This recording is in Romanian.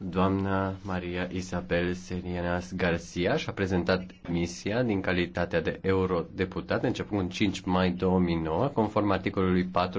Doamna Maria Isabel Serienas Garcia și-a prezentat misia din calitatea de eurodeputat începând în 5 mai 2009, conform articolului 4